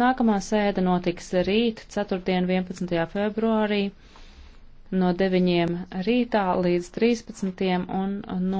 Nākamā sēde notiks rīt, 4. 11. februārī, no 9. rītā līdz 13. un no nu,